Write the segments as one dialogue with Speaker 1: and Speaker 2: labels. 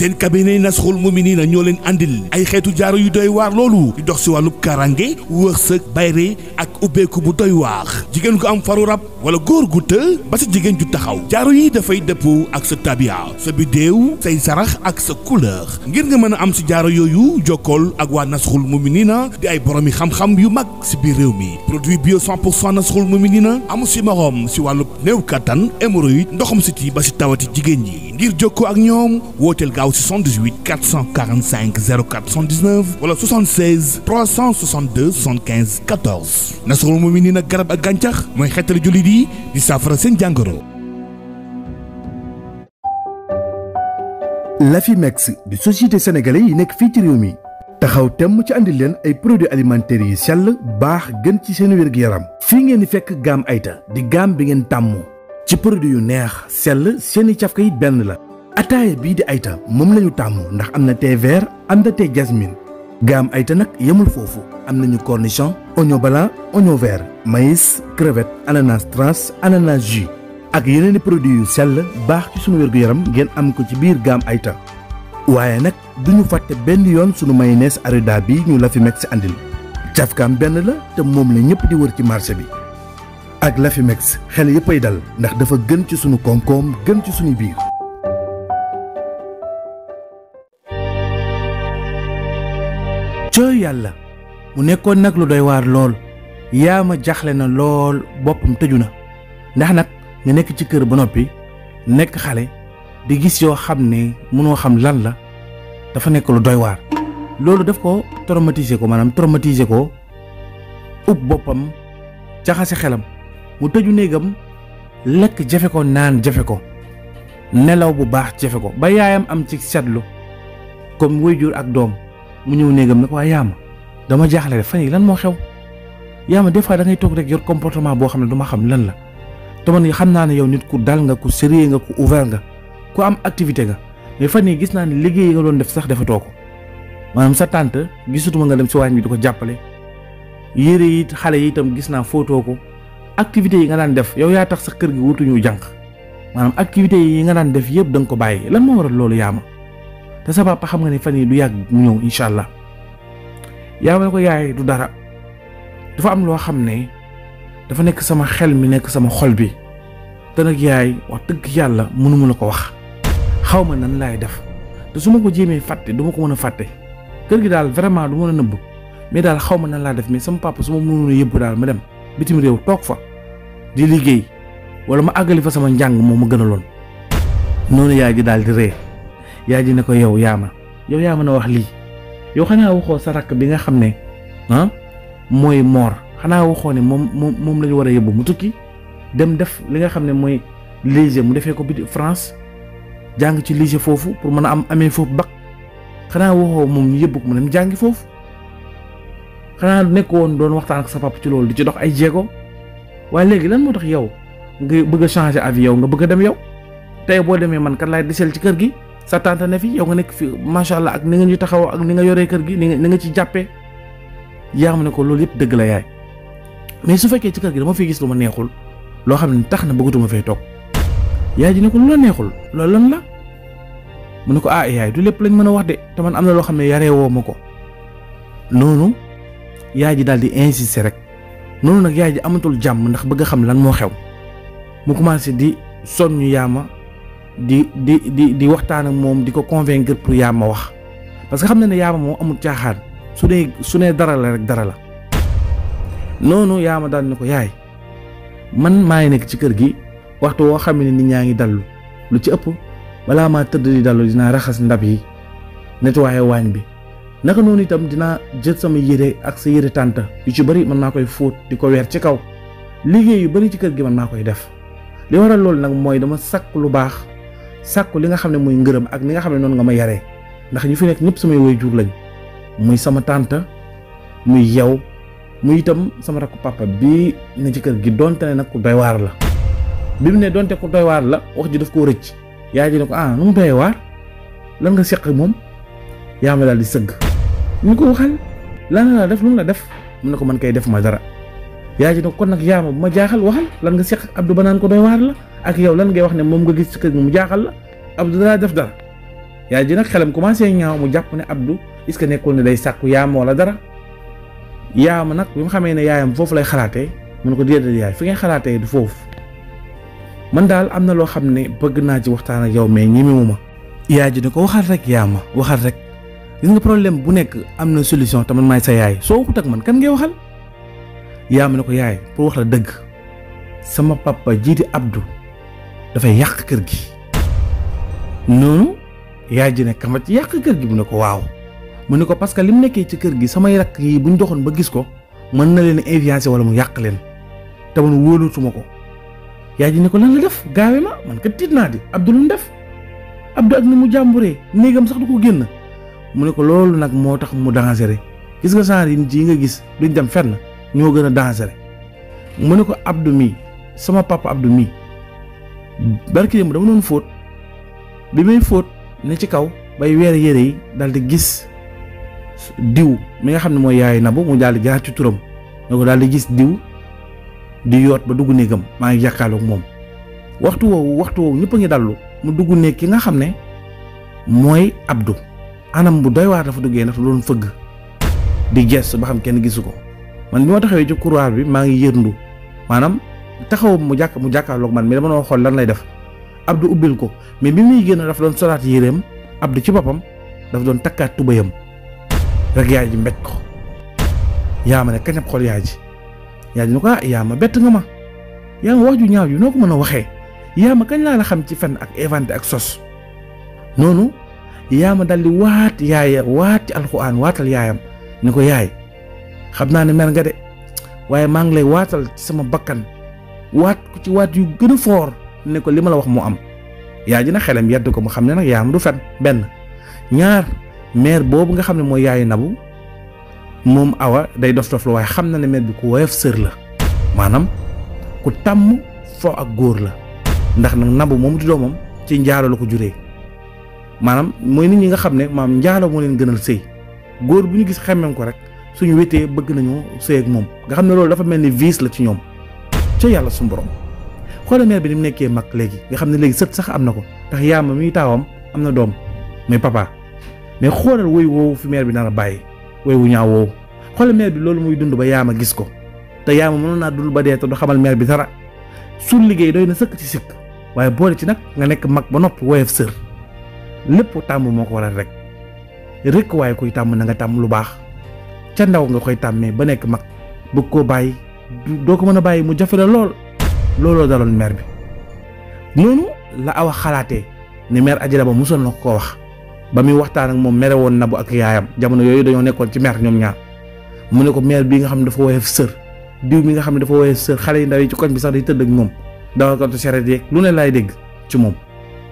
Speaker 1: seen cabinet nii na ñoo leen andil ay xeetu jaaro yu doy waar loolu di dox si wàllu karange wërsëg bayre ak ubbeeku bu doy waar jigéen gu am faru rab wala góor gu të ba sa jigéen ju taxaw jaaro yi dafay dëppoo ak sa tabia sa bidéew say sarax ak sa couleur ngir nga mën a am si jaaro yooyu jokkool ak waa Nasrul Muminina di ay boromi xam-xam yu mag si biir réew mi produit bio 100 pour cent Nasrul Muminina amu si morom si wàllu néew kattan hémorroïde ndoxum siti ba si tawati jigéen ñi ngir jokkoo ak ñoom wooteel gaaw gaaw si 78 445 0419 wala 76 362 75 14 Nasrul Muminin nag garab ak gàncax mooy xeetali jullit yi di saafara seen jàngoro. Lafimex di société sénégalais yi nekk fii ci réew mi taxaw temm ci andi leen ay produits alimentaires yi sell baax gën ci seen wér-gu-yaram fii ngeen di fekk gaam ayta di gaam bi ngeen tàmm ci produit yu neex sell seeni cafka yi benn la ataaya bii di ayta moom la ñu tàmm ndax am na thé ver am na thé jasmine gaam ayta nag yemul foofu am nañu cornichon oignon blanc oignon vert maïs crevette ananas trans ananas jus ak yeneen i produits yu sell baax ci sunu wér-gu-yaram ngeen am ko ci biir gaam ayta waaye nag du fàtte benn yoon sunu mayonnaise arida bi ñu la fi mex si andil cafkaam benn la te moom la ñëpp di wër ci marché bi ak Lafimex xel yëppay dal ndax dafa gën ci sunu koom-koom gën ci sunu biir cëy yàlla mu nekkoon nag lu doy waar lool yaa ma jaxle na lool boppam tëju na ndax nag nga nekk ci kër ba noppi nekk xale di gis yoo xam ne mënoo xam lan la dafa nekk lu doy waar loolu daf ko traumatiser ko maanaam traumatiser ko ub boppam jaxase xelam mu tëju néegam lekk jafe ko naan jafe ko nelaw bu baax jafe ko ba yaayam am ci seetlu comme waajur ak doom mu ñëw néegam nag waaye yaama dama jaaxle rek fan yi lan moo xew yaama des fois da ngay toog rek yor comportement boo xam ne du xam lan la te yi xam naa ne yow nit ku dal nga ku sérieux nga ku ouvert nga ku am activité nga mais fan yi gis naa ne liggéey yi nga doon def sax defatoo ko maanaam sa tante gisutuma nga dem si waañ bi du ko jàppale yére yi xale yi itam gis naa footoo ko activité yi nga daan def yow yaa tax sax kër gi wutuñu jànq maanaam activité yi nga daan def yëpp da nga ko bàyyi lan moo waral loolu yaama te sa papa xam nga ni fan yi du yàgg mu ñëw incha allah yaa ma ne ko yaay du dara dafa am loo xam ne dafa nekk sama xel mi nekk sama xol bi te nag yaay wax dëgg yàlla mënuma la ko wax xaw ma nan laay def te su ma ko jéemee fàtte du ma ko mën a fàtte kër gi daal vraiment du ma la nëbb mais daal xaw ma nan laa def mais sama papa su ma mënoon a daal ma dem bitim réew toog fa di liggéey wala ma àggali fa sama njàng moom ma gën a loon noonu yaay ji daal di ree yaay ji ne ko yow yaa ma yow yaa mën a wax lii yow xanaa waxoo sa rakk bi nga xam ne ah mooy moor xanaa waxoo ne moom moom moom la ñu war a yóbbu mu tukki dem def li nga xam ne mooy lycée mu defee ko bi France jàng ci lycée foofu pour mën a am amee foofu bac xanaa waxoo moom ñu yóbbu ko mu dem jàngi foofu xanaa nekk woon doon waxtaan ak sa papa ci loolu di ci dox ay jéego waaye léegi lan moo tax yow nga bëgg a changer avis yow nga bëgg a dem yow tey boo demee man kan laay desel ci kër gi. sa tante ne fi yow nga nekk fi macha allah ak ni nga ñu taxaw ak ni nga yoree kër gi ni nga ni nga ci jàppee yaa ne ko loolu yëpp dëgg la yaay mais su fekkee ci kër gi dama fiy gis lu ma neexul loo xam ne tax na bëggatuma fay toog yaay ji ne ko la neexul loolu lan la mu ne ko ah yaay du lépp lañ mën a wax de te man am na loo xam ne yaree woo ma ko noonu yaay ji daal di insister rek noonu nag yaay ji amatul jàmm ndax bëgg a xam lan moo xew mu commencé di sonn ñu yaama di di di di waxtaan ak moom di ko convaincre pour ma wax parce que xam na ne yaama moom amul caaxaan su dee su nee dara la rek dara la noonu yaa ma daal ne ko yaay man maa ngi nekk ci kër gi waxtu woo xam ne nit ñaa ngi dallu lu ci ëpp balaa maa tëdd di dallu dinaa raxas ndab yi nettoyé waañ bi naka noonu itam dinaa jël sama yére ak sa yére tànta yu ci bëri mën naa koy fóot di ko weer ci kaw liggéey yu bëri ci kër gi mën naa koy def li waral loolu nag sàkku li nga xam ne mooy ngërëm ak li nga xam ne noonu nga ma yaree ndax ñu fi nekk ñëpp samay waajur lañ muy sama tànta muy yow mu itam sama rakk papa bi ne ci kër gi donte ne nag ku doy la bi mu ne donte ku doy la wax ji daf koo rëcc yaay ji ne ko ah nu mu doy waar lan nga seq moom yaa ne daal di sëgg ñu ko waxal lan la def lu mu la def mu ne ko man kay def ma dara yaa ji ne kon nag yaama bu ma jaaxal waxal lan nga seq Abdou ba naan ko doy waar la ak yow lan ngay wax ne moom nga gis ci kër mu jaaxal la Abdou dara def dara yaa ji nag xelam commencé ñaaw mu jàpp ne Abdou est-ce que nekkul ne day sàkku yaamoo la dara yaama nag bi ma xamee ne yaayam foofu lay xalaatee mun ko déedéet yaay fi ngay xalaatee du foofu man daal am na loo xam ne bëgg naa ci waxtaan ak yow mais ñemewu ma. yaa ji ne ko waxal rek yaama waxal rek gis nga problème bu nekk am na solution te man maay sa yaay soo waxut ak man kan ngay waxal. yaa ma ne ko yaay pour wax la dëgg sama papa jiite Abdou dafay yàq kër gi noonu yaay ji ne kama ci yàq kër gi mu ne ko waaw mu ne ko parce que li mu nekkee ci kër gi samay rakk yi bu ñu doxoon ba gis ko mën na leen influencé wala mu yàq leen te man wóoluutuma ko yaay ji ne ko lan la def gaawe ma man kat tiit naa di Abdou lu mu def Abdou ak ni mu jàmburee néegam sax du ko génn mu ne ko loolu nag moo tax mu dangereux gis nga genre yi nga gis luñ dem fenn. ñoo gën a dangereux mu ne ko Abdou mii sama papa Abdou mii barki démb dama doon fóot bi may fóot ne ci kaw bay weer yére yi daal di gis diw mi nga xam ne mooy yaay nabu mu daal jaar ci turam ne ko daal di gis diw di yoot ba dugg néegam maa ngi jàkkaarloog moom waxtu woowu waxtu woowu ñëpp a ngi dallu mu dugg néeg ki nga xam ne mooy Abdou anam bu doy waar dafa duggee dafa doon fëgg di gees ba xam kenn gisu ko. man bi ma taxawee ci couloir bi maa ngi yërndu maanaam taxaw mu jàkk mu jàkkaarloog man mi dama noo xool lan lay def Abdou ubbil ko mais bi muy génn dafa doon solaat yéreem Abdou ci boppam dafa doon takkaat tubayam rek yaay ji mbet ko yaa ma ne kañab xool yaay ji yaay ji ne ko ah yaa ma bett nga ma yaa wax ju ñaaw ju noo ko mën a waxee yaa ma kañ laa la xam ci fen ak évente ak sos noonu yaa ma daldi waat yaaya waat ci alxuraan waatal yaayam ni ko yaay xam naa ne mer nga de waaye maa ngi lay waatal ci sama bakkan waat ko ci waat yu gën a foor ne ko li ma la wax mu am yaay ji na xelam yedd ko mu xam ne nag yaa am du fen benn ñaar meer boobu nga xam ne mooy yaayu nabu moom awa day dof dof la xam na ne meer bi ku woyof sër la maanaam ku tàmm fo ak góor la ndax nag nabu moom di doomam ci njaalo la ko juree maanaam mooy nit ñi nga xam ne maam njaalo moo leen gënal sëy góor bu ñu gis xemmem ko rek suñu wétee bëgg nañu sëy ak moom nga xam ne loolu dafa mel ni vice la ci ñoom ca yàlla suñu borom xoola bi ni mu nekkee mag léegi nga xam ne léegi sët sax am na ko ndax yaama mi taawam am na doom muy papa mais xoolal woy woowu fi mère bi nar a bàyyi woy wu ñaaw woowu xoolal mère bi loolu muy dund ba yaama gis ko te yaama mënoon naa dund ba dee te du xamal mère bi dara su liggéey doy na sëkk ci sikk waaye boole ci nag nga nekk mag ba noppi woyof sër lépp tàmm moo ko waral rek rek waaye kuy tàmm na nga tàmm lu baax ca ndaw nga koy tàmmee ba nekk mag bëgg koo bàyyi doo ko mën a bàyyi mu jafe la lool looloo daloon meer bi noonu la awa xalaatee ne mère Adja Daba mosoon na ko wax ba muy waxtaan ak moom mere woon Nabou ak yaayam jamono yooyu dañoo nekkoon ci meer ñoom ñaar mu ne ko mère bii nga xam ne dafa woyof sër diw mi nga xam ne dafa woyof sër xale yi ndaw yi ci koñ bi sax day tëdd ak moom dawal ko charrette yeeg lu ne laay dégg ci moom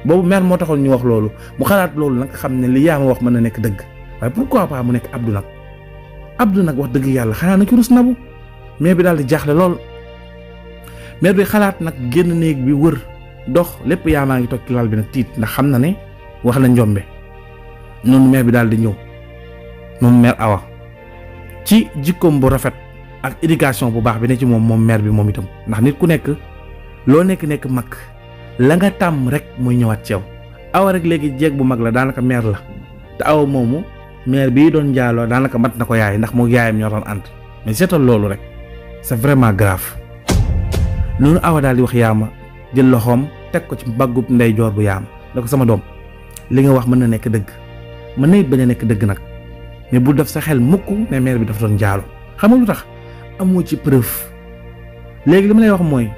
Speaker 1: boobu meer moo taxoon ñu wax loolu mu xalaat loolu nag xam ne li yaa ma wax mën na nekk dëgg waaye Abdou nag wax dëgg yàlla xanaa na ci rus nabu maire bi daal di jaaxle lool maire bi xalaat nag génn néeg bi wër dox lépp yaa maa ngi toog ci lal bi nag tiit ndax xam na ne wax na njombe noonu maire bi daal di ñëw moom maire awa ci jikkoom bu rafet ak éducation bu baax bi ne ci moom moom maire bi moom itam ndax nit ku nekk loo nekk nekk mag la nga tàmm rek muy ñëwaat ci yow awa rek léegi jeeg bu mag la daanaka maire la te awa moomu. mère bii doon njaaloo daanaka mat na ko yaay ndax moo yaayam ñoo doon ànd mais seetal loolu rek c'est vraiment grave noonu awa daal di wax yaama jël loxoom teg ko ci mbàggub ndeyjoor bu yaam ne ko sama doom li nga wax mën na nekk dëgg mën na it bañ a nekk dëgg nag mais bul def sa xel mukk ne mère bi dafa doon njaaloo xam nga lu tax amoo ci preuve léegi li ma lay wax mooy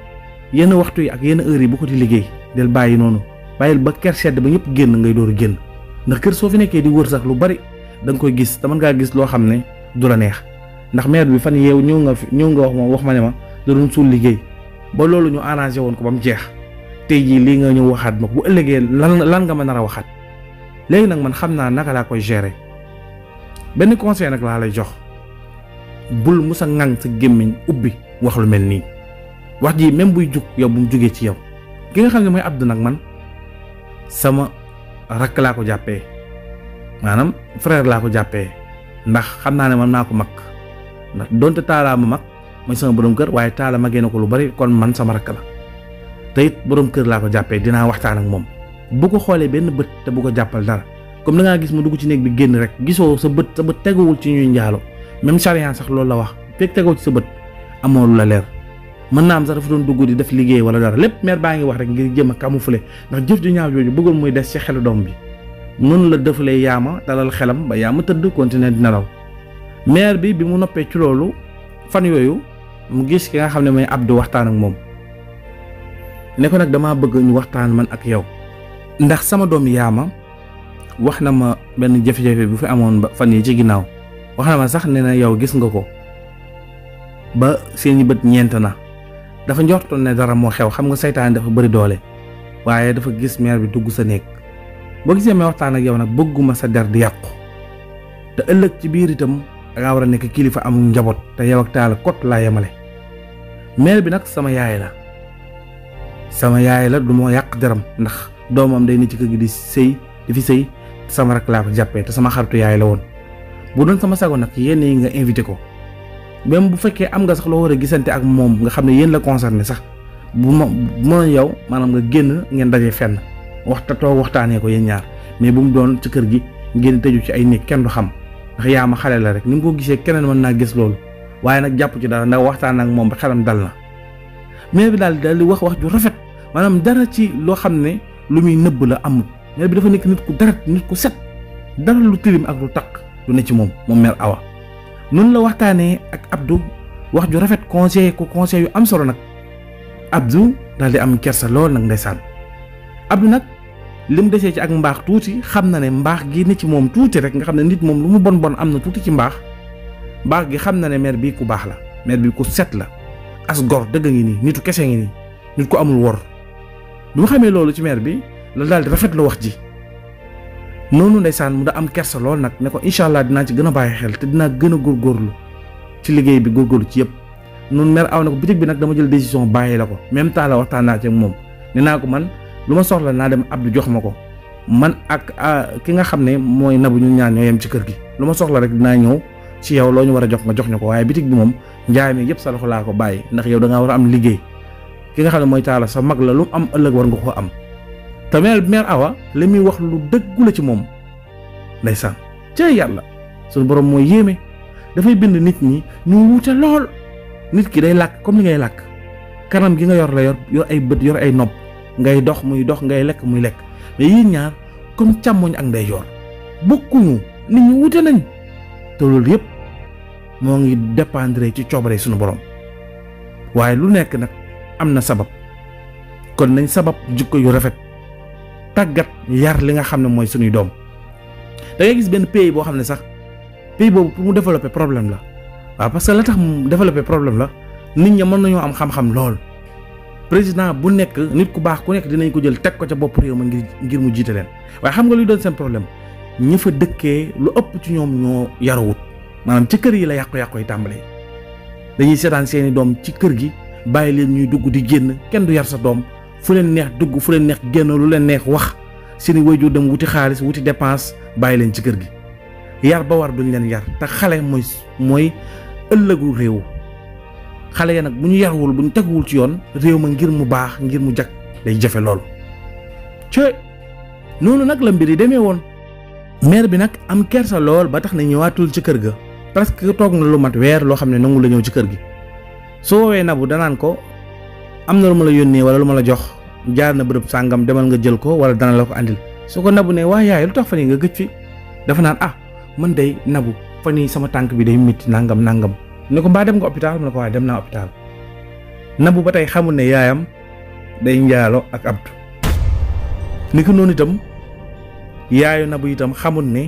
Speaker 1: yenn waxtu yi ak yenn heure yi bu ko di liggéey del bàyyi noonu bàyyil ba ker sedd ba ñëpp génn ngay dooru génn ndax kër soo lu bari da nga koy gis te mën ngaa gis loo xam ne du la neex ndax maire bi fan yeew ñëw nga fi ñëw nga wax ma wax ma ne ma da doon suul liggéey ba loolu ñu arrangé woon ko ba mu jeex tey jii lii nga ñëw waxaat ma bu ëllëgee lan lan nga ma nar a waxaat léegi nag man xam naa naka laa koy gere benn conseil nag laa lay jox bul musa ŋaŋ sa gémmiñ ubbi wax lu mel nii wax ji même buy jug yow bu mu jugee ci yow ki nga xam ne mooy Abdou nag man sama rakk laa ko jàppee maanaam frère laa ko jàppee ndax xam naa ne man naa ko mag ndax donte taalaa ma mag mooy sama borom kër waaye taala magee na ko lu bari kon man sama rakk la te it borom kër laa ko jàppee dinaa waxtaan ak moom bu ko xoolee benn bët te bu ko jàppal dara comme da ngaa gis mu dugg ci néeg bi génn rek gisoo sa bët sa bët teguwul ci ñuy njaalo même charia sax loolu la wax fekk tegoo ci sa bët amoo lu la leer mën naa am sax dafa doon dugg di def liggéey wala dara lépp meer baa ngi wax rek ngir jëm a camoufler ndax jëf ju ñaaw jooju muy des ci xelu doom bi noonu la defalee yaama dalal xelam ba yaa ma tëdd continuer dina nelaw maire bi bi mu noppee ci loolu fan yooyu mu gis ki nga xam ne mooy Abdou waxtaan ak moom ne ko nag damaa bëgg ñu waxtaan man ak yow ndax sama doom yaama wax na ma benn jafe-jafe bu fi amoon ba fan yi ci ginnaaw wax na ma sax ne na yow gis nga ko ba seeni bët ñeent na dafa njortoon ne dara moo xew xam nga seytaane dafa bëri doole waaye dafa gis meer bi dugg sa néeg boo gisee may waxtaan ak yow nag bëgguma sa der di yàqu te ëllëg ci biir itam dangaa war a nekk kilifa amul njaboot te yow ak taal kot laa yemale meel bi nag sama yaay la sama yaay la du ma yàq deram ndax doomam day ne ci kër gi di sëy di fi sëy sama rak laa ko jàppee te sama xaritu yaay la woon bu doon sama sago nag yenn yi nga invité ko même bu fekkee am nga sax loo war a gisante ak moom nga xam ne yéen la concerné sax bu ma bu yow maanaam nga génn ngeen dajee fenn. waxta toog waxtaanee ko yéen ñaar mais bu mu doon ci kër gi ngeen tëju ci ay néeg kenn du xam ndax yaa ma xale la rek ni mu ko gisee keneen mën naa gis loolu waaye nag jàpp ci dara ndax waxtaan ak moom ba xelam dal na maire bi daal daal di wax wax ju rafet maanaam dara ci loo xam ne lu muy nëbb la amul maire bi dafa nekk nit ku deret nit ku set dara lu tilim ak lu taq lu ne ci moom moom mère Awa noonu la waxtaanee ak Abdou wax ju rafet conseil ku conseil yu am solo nag Abdou daal di am kersa lool nag ndeysaan Abdou nag li mu desee ci ak mbaax tuuti xam na ne mbaax gi ni ci moom tuuti rek nga xam ne nit moom lu mu bon bon am na tuuti ci mbaax mbaax gi xam na ne maire bii ku baax la maire bii ku set la as gor dëgg ngi nii nitu kese ngi nii nit ko amul wor bi mu xamee loolu ci maire bi la daal di rafet la wax ji noonu ndeysaan mu da am kersa lool nag ne ko incha allah dinaa ci gën a bàyyi xel te dinaa gën a góorgóorlu ci liggéey bi góorgóorlu ci yëpp noonu maire aw na ko bitig bi nag dama jël décision bàyyi la ko même temps waxtaan naa ci moom nee naa ko man lu ma soxla naa dem Abdou jox ma ko man ak ah, ki nga xam ne mooy nabu ñu ñaan ñoo yem ci kër gi lu ma soxla rek dinaa ñëw ci yow loo ñu war a jox nga jox ñu ko waaye bitig bi moom njaay mi yëpp sa loxo laa ko bàyyi ndax yow da war a am liggéey ki nga xam ne mooy taala sa mag la lu mu am ëllëg war nga ko am te mère Awa li muy wax lu dëggu ci moom ndeysaan cee yàlla suñu borom mooy yéeme dafay bind nit ñi ñu wuute lool nit ki day làkk comme ni ngay làkk kanam gi nga yor la yor ay bët yor ay nopp ngay dox muy dox ngay lekk muy lekk mais yéen ñaar comme càmmoñ ak ndeyjoor bokkuñu nit ñi wute nañ te loolu yëpp moo ngi dépendre ci coobare suñu borom waaye lu nekk nag am na sabab kon nañ sabab jukko yu rafet tàggat yar li nga xam ne mooy suñuy doom da gis benn pays boo xam ne sax pays boobu pour mu développer problème la waaw parce que la tax mu développer problème la nit ñi mën nañoo am xam-xam lool. président bu nekk nit ku baax ku nekk dinañ ko jël teg ko ca bopp réew ma ngir ngir mu jiite leen waaye xam nga luy doon seen problème ñi fa dëkkee lu ëpp ci ñoom ñoo yarawut maanaam ci kër yi la yàqu-yàqu yi tàmbalee dañuy seetaan seeni doom ci kër gi bàyyi leen ñuy dugg di génn kenn du yar sa doom fu leen neex dugg fu leen neex génn lu leen neex wax seeni waajur dem wuti xaalis wuti dépense bàyyi leen ci kër gi yar ba war duñ leen yar te xale mooy mooy ëllëgu réew xale ya nag bu ñu yarwul bu ñu teguwul ci yoon réew ma ngir mu baax ngir mu jag day jafe lool ce noonu nag la mbir yi demee woon maire bi nag am kersa lool ba tax na ñëwaatul ci kër ga parce que toog na lu mat weer loo xam ne nangu la ñëw ci kër gi su woowee nabu danaan ko am na lu ma la yónnee wala lu ma la jox jaar na bërëb sàngam demal nga jël ko wala dana la ko andil su ko nabu ne waa yaay lu tax fan yi nga gëj fi dafa naan ah man day nabu fan yi sama tànk bi day métti nangam nangam ne ko mbaa dem nga hôpital mu ne ko waaye dem naa hôpital nabu ba tey xamul ne yaayam day njaalo ak abdu ni ko noonu itam yaayu nabu itam xamul ne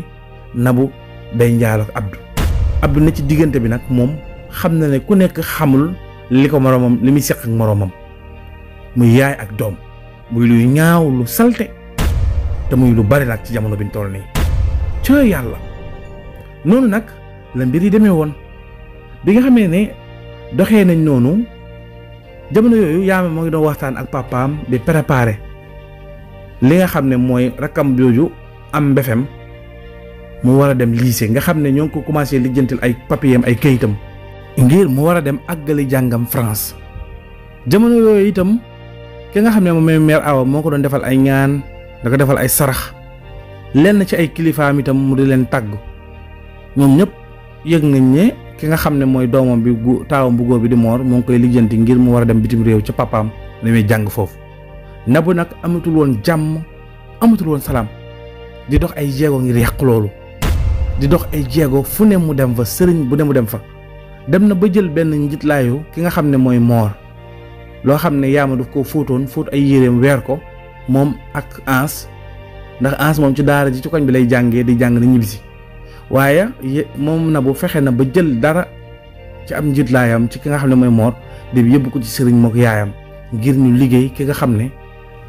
Speaker 1: nabu day njaalo ak abdu abdu ne ci diggante bi nag moom xam na ne ku nekk xamul li ko moroomam li muy seq ak moroomam muy yaay ak doom muy luy ñaaw lu salte te muy lu bari nag ci jamono biñ toll nii ci yàlla noonu nag la mbir yi demee woon bi nga xamee ni doxee nañ noonu jamono yooyu yaama moo ngi doon waxtaan ak papaam di préparer li nga xam ne mooy rakkam jooju am mbefem mu war a dem lycée nga xam ne ñoo ngi ko commencé lijjantil ay papier am ay kayitam ngir mu war a dem àggali jàngam France jamono yooyu itam ki nga xam ne moom mooy mère moo ko doon defal ay ñaan da defal ay sarax lenn ci ay kilifaam itam mu di leen tàgg ñoom ñëpp yëg nañ ne ki nga xam ne mooy doomam bi gu taawam bu bi di moor moo ngi koy lijjanti ngir mu war a dem bitim réew ci papaam damay jàng foofu nabu nag amatul woon jàmm amatul woon salaam di dox ay jéego ngir loolu di dox ay jéego fu ne mu dem fa sëriñ bu ne mu dem fa dem na ba jël benn njiitlaayu ki nga xam ne mooy moor loo xam ne yaama daf ko fóotoon fóot ay yéreem weer ko moom ak ans ndax ans moom ci daara ji ci koñ bi lay jàngee di jàng na ñibbisi waaye moom na bu fexe na ba jël dara ci am njiitlaayam ci ki nga xam ne mooy moor dem yóbbu ko ci sëriñ mook yaayam ngir ñu liggéey ki nga xam ne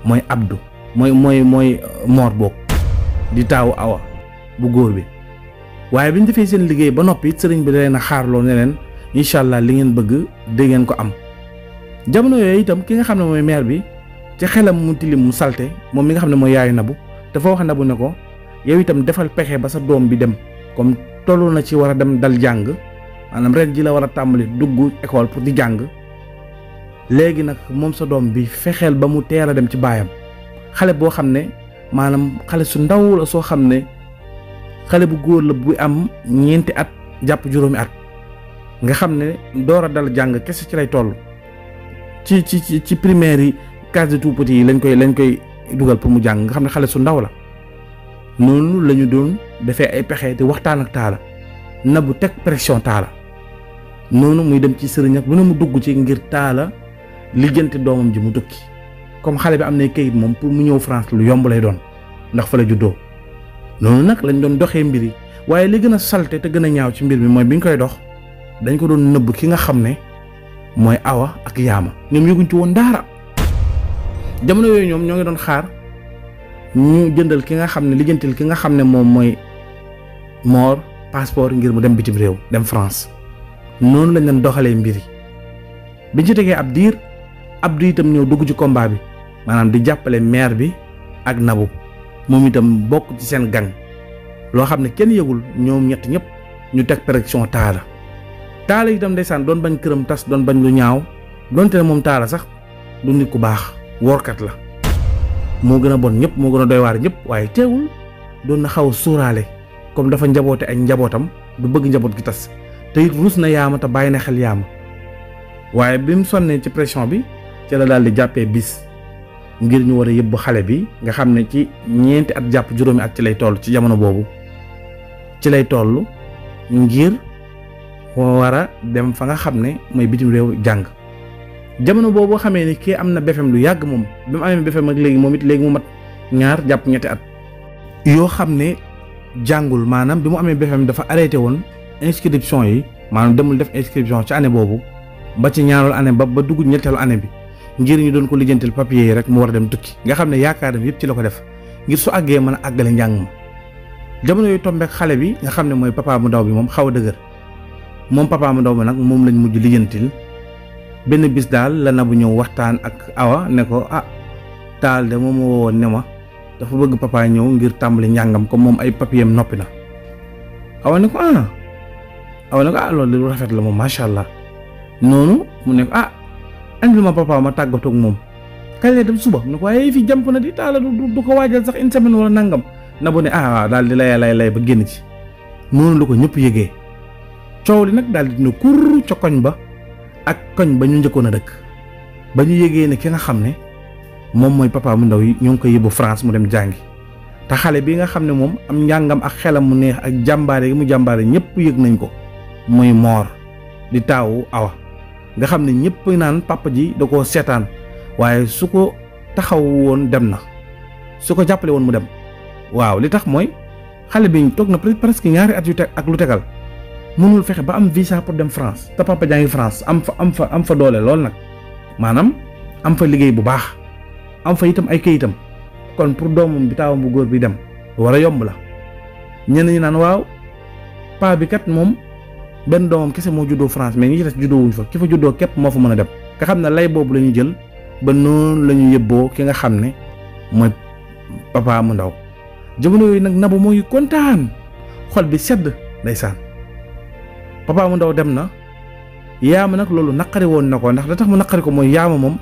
Speaker 1: mooy abdu mooy mooy mooy euh, moor boog di taawu awa bu góor bi waaye bi ñu defee seen liggéey ba noppi sëriñ bi da na xaarloo ne leen incha li ngeen bëgg di ngeen ko am jamono yooyu itam ki nga xam ne mooy maire bi ci xelam mu tilim mu salte moom mi nga xam ne mooy yaayu nabu dafa wax nabu ne ko yow itam defal pexe ba sa doom bi dem comme tollu na ci war a dem dal jàng maanaam ren ji la war a tàmbali dugg école pour di jàng léegi nag moom sa doom bi fexeel ba mu teel a dem ci baayam xale boo xam ne maanaam xale su ndaw la soo xam ne xale bu góor la bu am ñeenti at jàpp juróomi at nga xam ne door a dal jàng kese ci lay toll ci ci ci primaire yi case de tout petit yi lañ koy lañ koy dugal pour mu jàng nga xam ne xale su ndaw la noonu la doon defee ay pexe di waxtaan ak taala na bu teg pression taala noonu muy dem ci sëriñ ak lu ne mu dugg ci ngir taala lijjanti doomam ji mu tukki comme xale bi am na kayit moom pour mu ñëw France lu yomb lay doon ndax fa la juddoo noonu nag lañ doon doxee mbir yi waaye li gën a salte te gën a ñaaw ci mbir mi mooy bi biñ koy dox dañ ko doon nëbb ki nga xam ne mooy awa ak yaama ñoom yëguñ ci woon daara jamono yooyu ñoom ñoo ngi doon xaar ñu jëndal ki nga xam ne lijjantil ki nga xam ne moom mooy moor passeport ngir mu dem bitim réew dem France noonu lañ leen doxalee mbir yi biñ ci tegee ab diir Abdou itam ñëw dugg ci kombaa bi maanaam di jàppale maire bi ak Nabou moom itam bokk ci seen gang loo xam ne kenn yëgul ñoom ñett ñëpp ñu teg pression taala taala itam ndeysaan doon bañ këram tas doon bañ lu ñaaw donte ne moom taala sax du nit ku baax workat la. moo gën a bon ñëpp moo gën a doy waar ñëpp waaye teewul doon na xaw a suuraale comme dafa njaboote ay njabootam du bëgg njaboot gi tas te it ruus na yaama te bàyyi na xel yaama waaye bi mu sonnee ci pression bi ci la daal di jàppee bis ngir ñu war a yëbb xale bi nga xam ne ci ñeenti ak jàpp juróomi ak ci lay toll ci jamono boobu ci lay toll ngir war a dem fa nga xam ne mooy bitim réew jàng jamono boobu xamee ni kii am na befem lu yàgg moom bi mu amee befem ak léegi moom it léegi mu mat ñaar jàpp ñetti at yoo xam ne jàngul maanaam bi mu amee befem dafa arrêté woon inscription yi maanaam demul def inscription ci année boobu ba ci ñaareelu année ba ba dugg ñetteelu année bi ngir ñu doon ko lijjantil papier yi rek mu war a dem tukki nga xam ne yaakaaram yëpp ci la ko def ngir su àggee mën a àggale njàng ma jamono yu tombeek xale bi nga xam ne mooy papa mu ndaw bi moom xaw a dëgër moom papa mu ndaw bi nag moom lañ mujj lijjantil benn bis daal la na bu ñëw waxtaan ak Awa ne ko ah taal de moom moo woon ne ma dafa bëgg papaa ñëw ngir tàmbali njàngam comme moom ay papiyam noppi na Awa ne ko ah Awa ah, lu rafet la moom macha allah noonu mu ne ko ah ma papa ma tàggatoo ak moom kañ lay dem suba mu ko waaye fii jàmp na di taala du ko waajal sax une semaine wala na Nabou ne ah daal di lay lay ba génn ci noonu la ko ñëpp yëgee coow li nag daal dina kur ca koñ ba. ak koñ ba ñu njëkkoon a dëkk ba ñu yëgee ne ki nga xam ne moom mooy papa mu ndaw yi ñoo ngi ko yóbbu France mu dem jàngi te xale bi nga xam ne moom am njàngam ak xelam mu neex ak jàmbaare gi mu jàmbaare ñëpp yëg nañ ko muy moor di taawu awa nga xam ne ñëpp naan papa ji da koo seetaan waaye su ko taxawu woon dem na su ko jàppale woon mu dem waaw li tax mooy xale bi ñu toog na presque ñaari at yu ak lu tegal mënul fexe ba am visa pour dem France te papa jaa France am fa am fa am fa doole loolu nag maanaam am fa liggéey bu baax am fa itam ay këyitam kon pour doomam bi taawam bu góor bi dem war a yomb la ñenn ñi naan waaw paa bi kat moom benn doomam kese moo juddoo France mais ngi ci des juddoo wuñ fa ki fa juddoo képp moo fa mën a dem nga xam ne lay boobu la ñu jël ba noonu la ñu ki nga xam ne mooy papa mu ndaw jamono yooyu nag nabu moo ngi kontaan bi sedd ndeysaan papa ndaw dem na yaama nag loolu naqari woon na ko ndax da tax mu naqari ko mooy yaama moom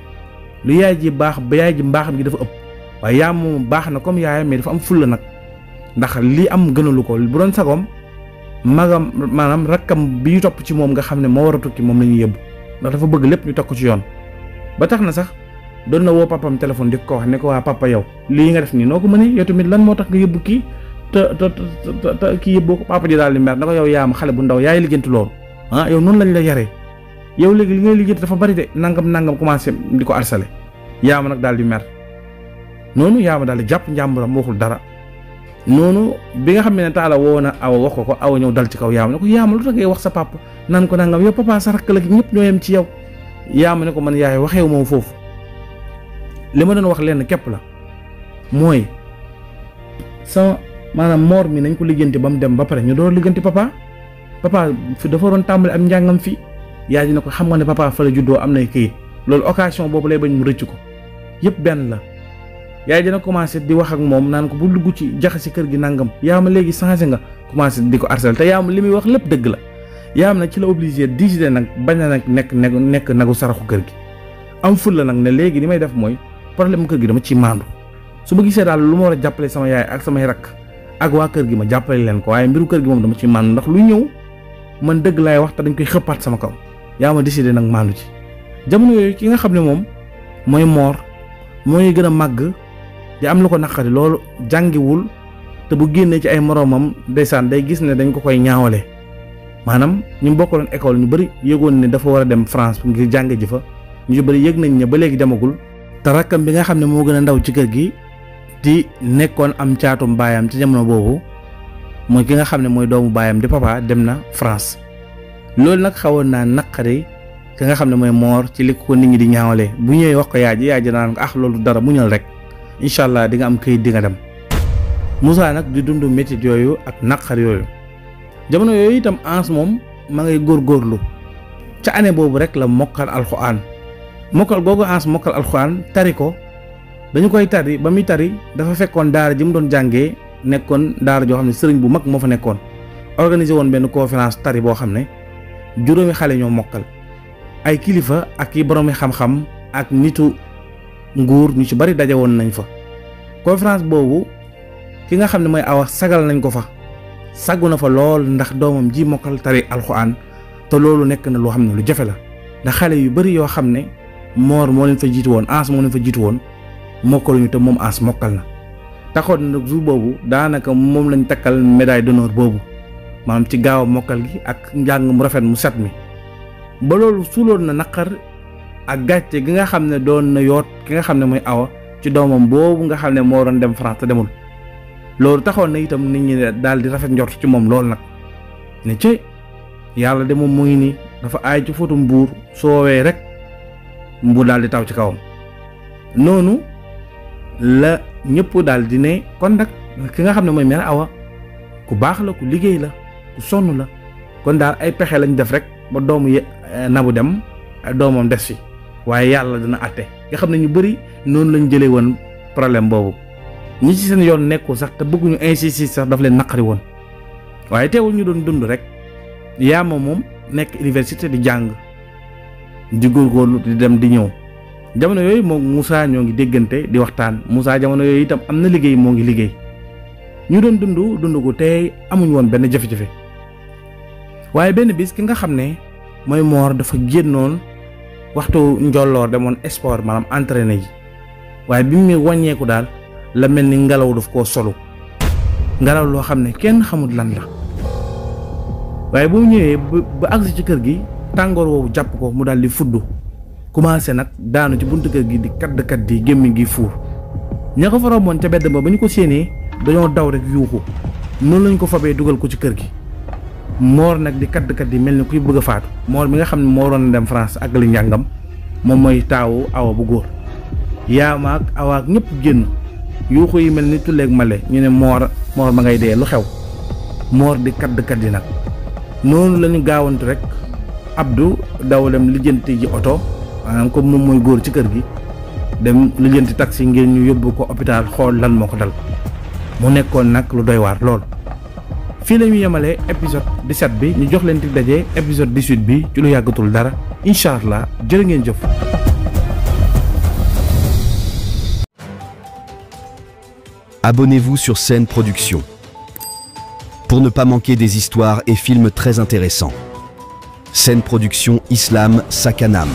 Speaker 1: lu yaay ji baax ba yaay ji mbaaxam gi dafa ëpp waaye yaama mu baax na comme yaayam mi dafa am fulla nag ndax li am gënalu ko bu doon sagoom magam maanaam rakkam bi ñu topp ci moom nga xam ne moo war a tukki moom la ñuy yëbbu ndax dafa bëgg lépp ñu teg ko ci yoon ba tax na sax doon na woo papam téléphone di ko wax ne ko waa papa yow lii nga def nii noo ko mënee yow tamit lan moo tax nga kii te te te kii yëpp boo ko papa ji daal di mer na ko yow yaa am xale bu ndaw yaay liggéeyantu loolu ah yow noonu lañ la yaree yow léegi li ngay liggéeyantu dafa bari de nangam nangam commencé di ko harcelé yaa ma nag daal di mer noonu yaa ma daal di jàpp njàmburam waxul dara noonu bi nga xam ne taala woo na awa wax ko ko awa ñëw dal ci kaw yaa ma ne ko yaa ma lu tax ngay wax sa papa naan ko nangam yow papa sa rakk la ñëpp ñoo yem ci yow yaa ma ne ko man yaay waxeewu moom foofu li ma doon wax lenn képp la mooy sama maanaam moor mi nañ ko lijjanti ba mu dem ba pare ñu doo lijjanti papa papa fi dafa doon tàmbali am njàngam fii yaa ji ko xam nga ne papa fa la juddoo am na kayit loolu occasion boobu lay bañ mu rëcc ko yëpp benn la yaay dina commencé di wax ak moom naan ko bu dugg ci jaxasi kër gi nangam yaa ma léegi changé nga commencé di ko harcelé te yaa ma li muy wax lépp dëgg la yaa ma nag ci la obligé décider nag bañ a nag nekk nekk nagu saraxu kër gi am ful la nag ne léegi li may def mooy problème kër gi dama ci maandu su ma gisee daal lu ma a jàppale sama yaay ak samay rakk ak waa kër gi ma jàppale leen ko waaye mbiru kër gi moom dama ci màndu ndax lu ñëw man dëgg laay wax te dañ koy xëppaat sama kaw yaa ma décidé nag màndu ci jamono yooyu ki nga xam ne moom mooy moor mooy gën a màgg di am la ko naqari loolu jàngiwul te bu génnee ci ay moroomam ndeysaan day gis ne dañ ko koy ñaawale maanaam ñu loon école ñu bëri yëgoon ne dafa war a dem France ngir jàng ji fa ñu bëri yëg nañ ne ba léegi demagul te rakkam bi ci kër gi di nekkoon am caatum baayam ci jamono boobu mooy ki nga xam ne mooy doomu baayam di papa dem na France loolu nag xawoon naa naqari ki nga xam ne mooy moor ci li ko nit ñi di ñaawalee bu ñëwee wax ko yaay ji yaay ji naan ko ah loolu dara mu ñal rek incha allah di am kayit di dem Moussa nag di dund métit yooyu ak naqar yooyu jamono yooyu itam ans moom ma ngay góorlu ca année boobu rek la mokkal alxuraan mokkal googu ans mokkal alxuraan tari ko dañu koy tari ba muy tari dafa fekkoon daara ji mu doon jàngee nekkoon daara joo xam ne sëriñ bu mag moo fa nekkoon organisé woon benn conférence tari boo xam ne juróomi xale ñoo mokkal ay kilifa ak i boroomi xam-xam ak nitu nguur ñu ci bari daje woon nañu fa conférence boobu ki nga xam ne mooy awa sagal nañ ko fa saggu na fa lool ndax doomam ji mokkal tari alxuraan te loolu nekk na loo xam ne lu jafe la ndax xale yu bari yoo xam ne moor moo leen fa jiitu woon ans moo leen fa jiitu woon mokkaluñu te moom as mokkal na taxoon na jour boobu daanaka moom lañ takkal médaille d'honneur boobu maanaam ci gaaw mokkal gi ak njàng mu rafet mu set mi ba loolu suuloon na naqar ak gàcce gi nga xam ne doon na yoot ki nga xam ne mooy awa ci doomam boobu nga xam ne moo doon dem France te demul loolu taxoon na itam nit ñi daal di rafet njort ci moom loolu nag ne ci yàlla de moom mu ngi nii dafa aay ci fotu mbuur soowee rek mbuur daal di taw ci kawam noonu la ñëpp daal di ne kon nag ki nga xam ne mooy mère Awa ku baax la ku liggéey la ku sonn la kon daal ay pexe lañ def rek ba doomu eh, Nabou dem eh, doomam des fi waaye yàlla dina àtte nga xam ne ñu bëri noonu lañ jëlee woon problème boobu ñi ci seen yoon nekkul sax te bëgguñu insister sax daf leen naqari woon waaye teewul ñu doon dund rek yaama moom nekk iniversité di jàng di góorgóorlu di dem di ñëw. jamono yooyu moom Moussa ñoo ngi déggante di waxtaan Moussa jamono yooyu itam am na liggéey moo ngi liggéey ñu doon dund dund ko tey amuñ woon benn jafe-jafe waaye benn bis ki nga xam ne mooy moor dafa génnoon waxtu njolloor demoon sport maanaam entraîné ji waaye bi mu wàññeeku daal la mel ni ngelaw daf ko solu ngelaw loo xam ne kenn xamut lan la waaye bu ñëwee ba agsi ci kër gi tàngoor woowu jàpp ko mu daal di fudd commencé nag daanu ci buntu kër gi di kadd kadd yi gémmiñ gi fuur ña ko fa romboon ca bedd ba ba ñu ko séenee dañoo daw rek yuuxu noonu lañ ko fabee dugal ko ci kër gi moor nag di kadd kadd yi mel ni kuy bëgg a faatu moor mi nga xam ne mooroon waroon dem France ak li njàngam moom mooy taawu awa bu góor yaama ak awa ak ñëpp génn yuuxu yi mel ni tulleeg male ñu ne moor moor ma ngay dee lu xew moor di kadd kadd yi nag noonu lañu gaawantu rek Abdou dawlem lijjanti ji oto maanaam comme moom mooy góor ci kër gi dem lijjanti taxi ngir ñu yóbbu ko hôpital xool lan moo ko dal mu nekkoon nag lu doy waar lool. fii la ñu épisode bi ñu jox leen di daje épisode bi ci lu yàggatul dara incha allah jërë ngeen jëf. Abonnez-vous sur Scène Production pour ne pas manquer des histoires et films très intéressants. Scène Production Islam Sakanam.